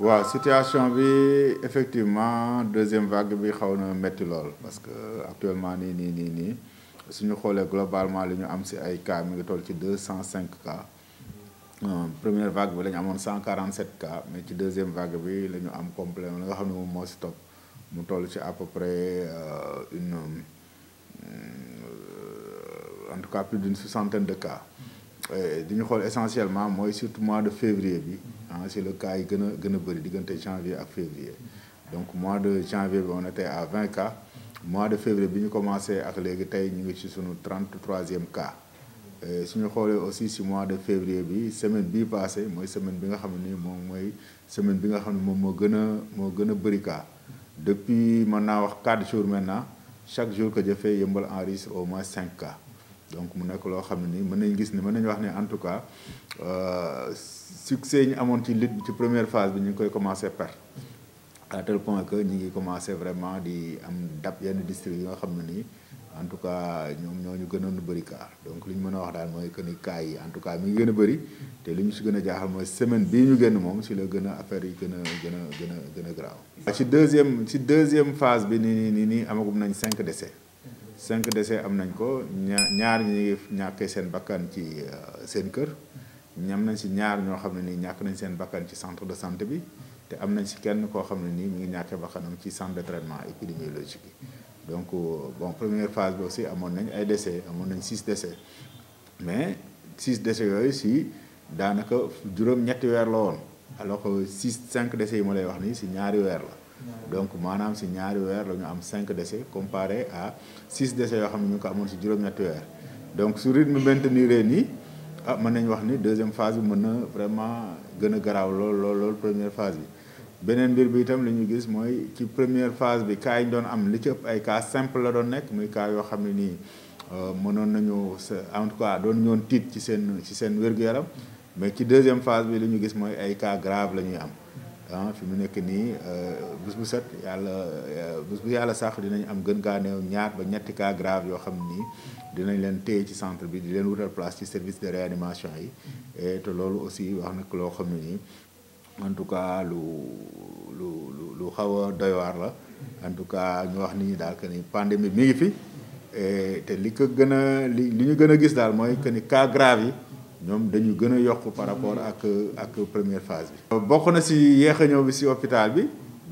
waaw situation bi effectivement deuxième vague bi xaw na métti lool parce que actuellement nii nii nii nii suñu xoolee globalement li ñu am si ay cas mi ngi toll ci deux cent cinq ca euh, première vague bi la ñu amoon cent quarante sept cas mais ci deuxième vague bi la ñu am complet la nga xam ne moom moo si topp mu toll ci à peu près euh, une euh, en tout cas plus d'une soixantaine de cas di ñu xool essentiellement mooy surtout mois de février bi en si le cas yi gën a gën a bëri diggante janvier ak février donc mois de janvier bi wax on était à 20 cas mois de février bi ñu commencé ak léegi tey ñu ngi ci sunu trent 33e su suñu xoolee aussi si mois de février bi semaine bi passé mooy semaine bi nga xam ne moom mooy semaine bi nga xam ne moom moo gën a moo gën a bëri cas depuis mën naa wax 4 jours maintenant chaque jour que jëfee yëmbal enregistre au mois cinq cas donc mu nekk loo xam ne nii mën nañ gis ne mën nañu wax ne en tout cas euh, succès yi ñu amoon ci lutte bi ci première phase bi ñu ngi koy commencé perdre à tel point que ñu ngi commencé vraiment di am dab yenn district yi xam ne nii en tout cas ñoom ñoo ñu gën a bëri cas donc li ñu mën a wax daal mooy que ni cas yi en tout cas mi ngi gën a bëri te li ñu si gën a jaaxal mooy semaine bii ñu génn moom si la gën a affaire yi gën a gën a gën a gën a grave. ci deuxième ci deuxième bi nii nii nii amagum nañ cinq décès. cinq décès am nañ ko ñaar ñaar ñi ñàkkee seen bakkan ci euh, seen kër ñam nañ si ñaar ñoo xam ne nii ñàkk nañ seen bakkan ci centre de santé bi te am nañ si kenn koo xam ne nii mu ngi ñàkkee bakkanam ci centre de traitement épidémiologique bi donc euh, bon première phase bi aussi amoon nañ ay décès amoon nañ six décès mais six décès yooyu si daanaka juróom-ñetti weer la woon alors que six cinq décès yi ma lay wax nii si ñaari weer la donc maanaam si ñaari weer lañu am cinq décès comparé à six décès yoo xam ne ñu ngi ko amoon si juróom-ñetti weer donc su rythme maintenir nii ah mën nañu wax ni deuxième phase bi mën na vraiment gën a garaaw lool lool lool première phase bi. beneen mbir bi itam li ñu gis mooy ci première phase bi cas yi ñu doon am li ci ëpp ay cas simple la doon nekk muy cas yoo xam ne nii euh, mënoon nañu en tout cas doon ñoon tiit ci seen ci seen wér-gu-yaram mais ci deuxième phase bi li ñu gis mooy ay cas la ñuy am. ah fi mu nekk nii euh, bés bu set yàlla euh, bés bu yàlla sax dinañ am gën gaa néew ñaar ba ñetti cas grave yoo xam ni dinañ leen téye ci centre bi di leen wutal place ci service de réanimation yi et te loolu aussi wax nak loo xam ne nii en tout cas lu lu lu xaw a doy la en tout cas ñu wax nit ñi daal que ni pandémie mi ngi fi te li ko gën a li li ñu gën a gis daal mooy que ni cas grave yi ñoom dañu gën a yokk par mm-hmm. rapport ak ak première phase bi. bokk na si yéex a ñëw bi si hôpital bi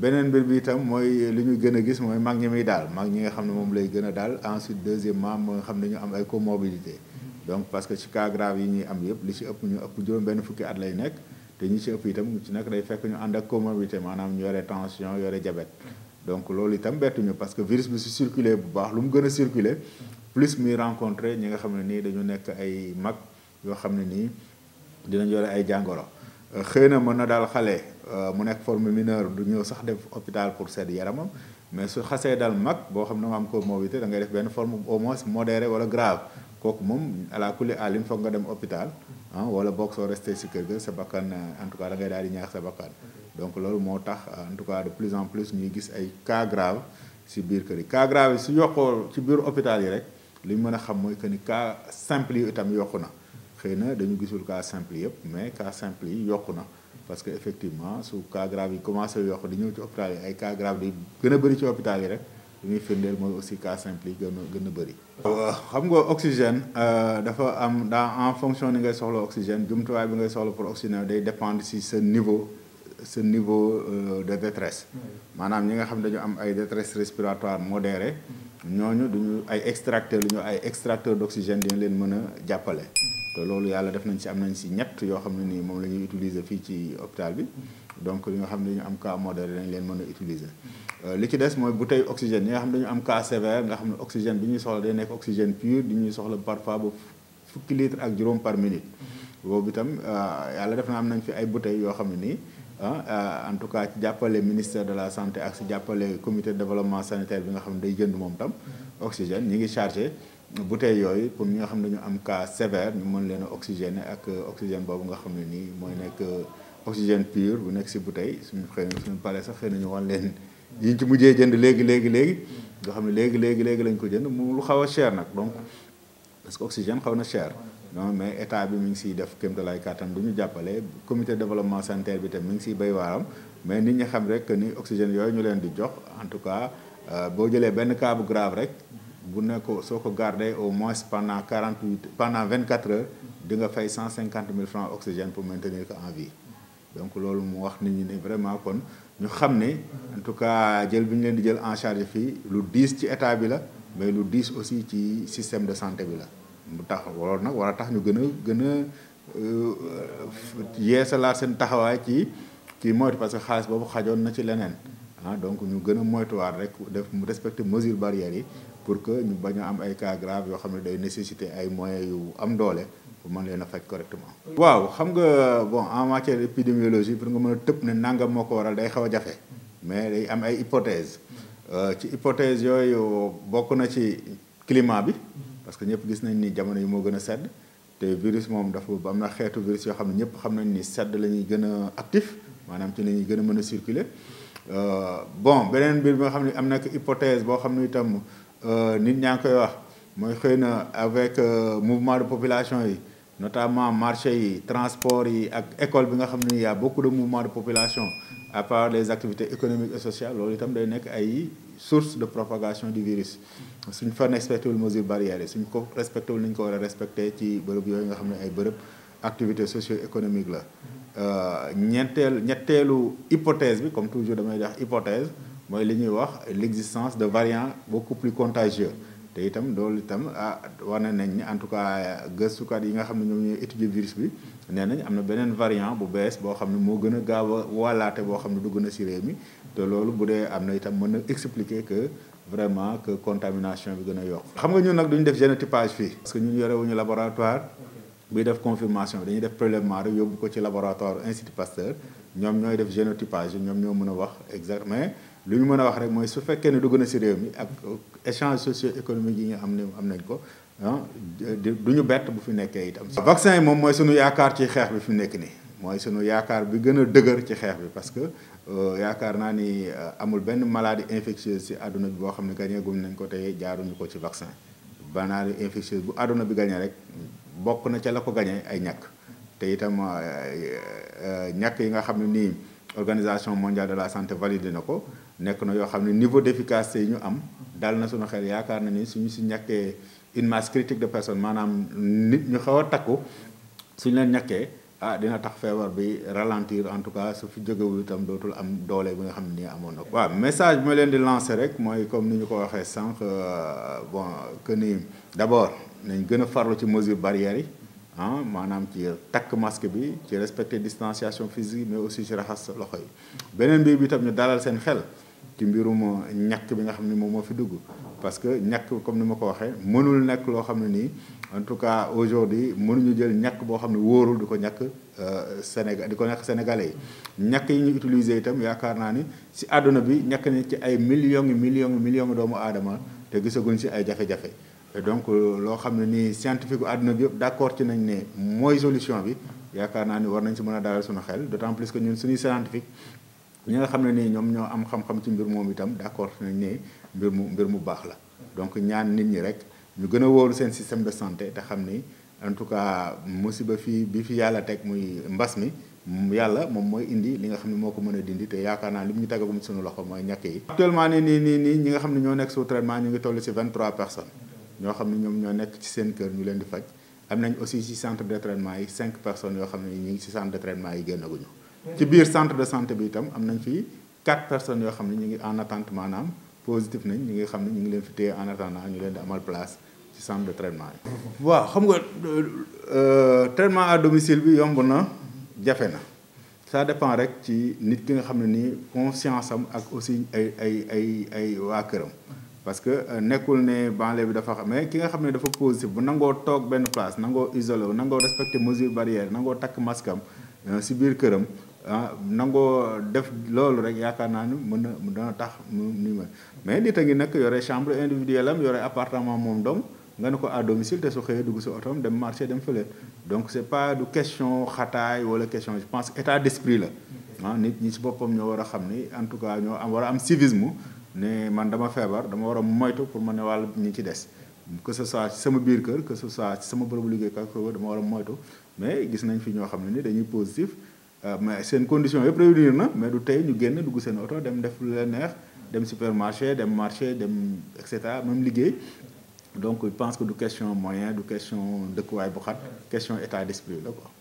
beneen mbir bi itam mooy li ñu gën a gis mooy mag ñi muy daal mag ñi nga xam ne moom lay gën a daal ensuite deuxièmement moo nga xam ne ñu am ay comorbidité mm-hmm. donc parce que ci cas yi ñuy am yëpp li ci ëpp ñu ëpp juróom benn fukki at lay nekk te ñi ci ëpp itam ci nekk day fekk ñu ànd ak comorbidité maanaam ñu yore tension yore diabète mm-hmm. donc loolu itam bettuñu parce que virus bi su circulé bu baax lu mu gën a plus muy rencontré ñi nga xam ne nii dañu nekk ay mag. yoo xam ne nii dinañ yore ay jàngoro xëy na mën na daal xale euh, mu nekk forme mineure du ñëw sax def hôpital pour seet yaramam mais su xasee dal mag boo xam ne nga am comorbidité da ngay def benn forme au moins modérée wala grave kooku moom ala kulli alim foog nga dem hôpital ah wala boog soo resté si kër ga sa bakkan euh, en tout cas da daal di ñaar sa bakkan donc loolu moo tax en tout cas de plus en plus ñuy gis ay cas grave si biir kër yi cas grave yi su ci biir hôpital yi rek li mën a xam mooy que ni cas simple yi itam yokku na xëy na dañu gisul cas simple yëpp mais cas simple yi yokku na parce que effectivement su cas grave yi commencé yokk di ñëw ci hôpital yi ay cas grave di gën a bëri ci hôpital yi rek li ñuy firndeel mooy aussi cas simple yi gën a gën a bëri. Euh, xam nga oxygène euh, dafa am daa en fonction ni ngay soxla oxygène jumtuwaay bi ngay soxla pour oxygène day dépende si sa niveau sa niveau euh, de détresse maanaam ñi nga xam dañu am ay détresse respiratoire modérée mm. ñooñu duñu ay extracteur lu ñu ay extracteur d' oxygène leen mën a jàppale. loolu yàlla def nañ si am nañ si ñett yoo xam ne nii moom la ñuy utiliser fii ci hôpital bi donc li nga xam ne dañu am cas modéré dañ leen mën a euh, li ci des mooy bouteille oxygène ñi nga xam ne dañu am cas sévère nga xam ne oxygène bi ñuy soxla day nekk oxygène pur di ñuy soxla parfois ba fukki litre ak juróom par minute boobu itam euh, yàlla def na am nañ fi ay bouteilles yoo xam ne nii ah en tout cas jàppale ministère de la santé ak si jàppale comité de développement sanitaire bi nga xam ne day jënd moom itam oxygène ñi ngi chargé bouteilles yooyu pour ñi nga xam ne dañu am cas sévère ñu mën leen a ak euh, oxygène boobu nga xam ne nii mooy mm-hmm. nekk euh, oxygène pur bu nekk si bouteille suñu xëy suñu paree sax xëy nañu ñu wan leen yi ñu ci mujjee jënd léegi léegi léegi nga xam ne léegi léegi léegi lañ ko jënd mu lu xaw a cher nag donc parce que oxygène xaw na cher non mais état bi mu ngi siy def kéemtalaay kàttan bu ñu jàppale comité de développement bi tam mu ngi siy béy waaram mais nit ñi xam rek ni oxygène yooyu ñu leen di jox en tout cas euh, boo jëlee benn cas rek bu nekk soo ko gardé au moins pendant quarante huit pendant vingt quatre heures di nga fay cent cinquante mille francs oxygène pour maintenir ko en vie donc loolu mu wax nit ñi ne vraiment kon ñu xam ne en tout jël bi ñu leen di jël en charge fii lu diis ci état bi la mais lu diis aussi ci système de santé bi la mu tax loolu nag war tax ñu gën a gën a euh, yeesalaat seen taxawaay ci ci moytu parce que xaalis boobu xajoon na ci leneen ah donc ñu gën a moytuwaat rek def respecter mesures barrières yi pour que ñu bañ am ay cas grave yoo xam ne day nécessité ay moyens yu am doole pour mën leen a faj correctement. waaw xam nga bon en matière épidémiologie pour nga mën a tëb ne nangam moo ko waral day xaw a jafe mais day am ay hypothèses euh, ci hypothèses yooyu bokk na ci climat bi parce que ñëpp gis nañ ni jamono yi moo gën a sedd te virus moom dafa am na xeetu virus yoo xam ne ñëpp xam nañ ni sedd la ñuy gën a actif maanaam ci la ñuy gën a mën a circuler. Euh, bon beneen mbir bi nga xam ne am na hypothèse boo xam ne itam euh, nit ñaa ngi koy wax mooy xëy na avec euh, mouvement de population yi notamment marché yi transport yi ak école bi nga xam ne y a beaucoup de de population à part les activités économiques et sociales loolu itam day nekk ay source de propagation du virus suñ fa respecté wul mesure barrière yi suñ ko respecté wul ni ñu ko war a respecté ci bërëb yooyu nga xam ne ay bërëb activité socio-économique la euh, ñetteel ñetteelu hypothèse bi comme toujours damay wax hypothèse mooy li ñuy wax l'existence de variants beaucoup plus contagieux te itam dool itam ah ne nañ en tout cas gëstukat yi nga xam ne ñoom ñu étudier virus bi nee nañ am na beneen variant bu bees boo xam ne moo gën a gaaw a wallaate boo xam ne dugg na ci mi te loolu bu dee am na itam mën na expliquer que vraiment que contamination bi gën a yokk xam nga ñun nag duñu def génotypage fii parce que ñun yorewuñu laboratoire buy def confirmation dañuy def prélèvement rek yóbbu ko ci laboratoire Institut Pasteur ñoom ñooy def génotypage ñoom ñoo mën a wax exact mais lu ñu mën a wax rek mooy su fekkee ne dugg na si réew mi ak échange socio-économique yi nga am ne am nañ ko ah du ñu bett bu fi nekkee itam. vaccin yi moom mooy suñu yaakaar ci xeex bi fi mu nekk nii mooy sunu yaakaar bi gën a dëgër ci xeex bi parce que euh, yaakaar naa ni euh, amul benn maladie infectieuse si àdduna bi xam ne gagné nañ ko te jaaruñu ko ci vaccin banaa infectieuse bu àdduna bi gagné rek. bokk na ca la ko gañe ay ñàkk te itam euh, euh, ñàkk yi nga xam ne nii organisation mondial de la santé valide na ko nekk na yoo xam ne niveau d'efficacité yi ñu am dal na sunu xel yaakaar na ni suñu si ñàkkee une masse critique de personnes maanaam nit ñu xaw a takku suñu leen ñàkkee ah dina tax feebar bi ralentir en tout cas su fi jógewu itam dootul am doole bi nga xam ne nii amoon na ko. waaw message bi leen di lancer rek mooy comme ni ñu ko waxee sànq euh, bon que ni d'abord. nañ gën a farlu ci mesure barrières yi ah maanaam ci takk masque bi ci respecter distanciation physique mais aussi ci raxas loxo yi beneen mbir bi tam ñu dalal seen xel ci mbirum ñàkk bi nga xam ne moom moo fi dugg parce que ñàkk comme ni ma ko waxee mënul nekk loo xam ne nii en tout cas aujourd'hui mënuñu jël ñàkk boo xam ne wóorul di ko ñàkk euh, Sénégal di ko ñàkk sénégalais yi ñàkk yi ñu utiliser itam yaakaar naa ni si àdduna bi ñàkk ni ci ay millions million millions doomu aadama te gisaguñ si ay jafe donc euh, loo xam ne nii scientifique bu àdduna bi yëpp d' ci nañ ne mooy solution bi yaakaar naa ni war nañ si mën a dalal suñu xel d' autant plus que ñun suñuy scientifique ñi nga xam ne nii ñoom ñoo am xam-xam ci mbir moom itam d' accord nañ ne mbir mu mbir mu baax la donc ñaan nit ñi rek ñu gën a wóolu seen système de santé te xam ni en tout cas musiba fii bi fi yàlla teg muy mbas mi yàlla moom mooy indi li nga xam ne moo ko mën a dindi te yaakaar naa li ne ñoo ñu ngi toll si 23 ñoo xam ne ñoom ñoo nekk ci seen kër ñu leen di faj am nañ aussi ci centre de traitement yi cinq personnes yoo xam ne ñu ngi ci centre de traitement yi génnaguñu ci biir centre de santé bi itam am nañ fi quatre personnes yoo xam ne ñu ngi en attente maanaam positif nañ ñi ngi xam ne ñu ngi leen fi téye en attendant ñu leen di amal place ci centre de traitement yi. waaw xam nga euh, traitement à domicile bi yomb na jafe na ça dépend rek ci nit ki nga xam ne nii conscience am ak aussi ay ay ay ay waa këram. parce que euh, nekkul ne banlieue bi dafa xam mais ki nga xam ne dafa positif bu nangoo toog benn place nangoo isolé wu nangoo respecté mesure barrière nangoo takk masque am euh, si biir këram ah nangoo def loolu rek yaakaar naa ni mën na dana tax mu ni ma mais nit a ngi nag yore chambre individuelle am yore appartement moom doom nga ne ko à domicile te su xëyee dugg si otoom dem marché dem fële donc c' est pas du question xataay wala question je pense état d' esprit la ah nit ñi si boppam ñoo war xam ni en tout cas ñoo am war a am civisme ne man dama feebar dama war a moytu pour ma a wàll ñi ci des que ce soit sama biir kër que ce soit ci sama bërëbu liggéey ak dama war moytu mais gis nañ fi ñoo xam ne nii dañuy positif euh, mais seen condition yëpp réunir na mais du tey ñu génn dugg seen oto dem def lu leen neex dem supermarché dem marché dem et cetera même liggéey donc je que du question moyen du question dëkkuwaay bu xat question état d'esprit la quoi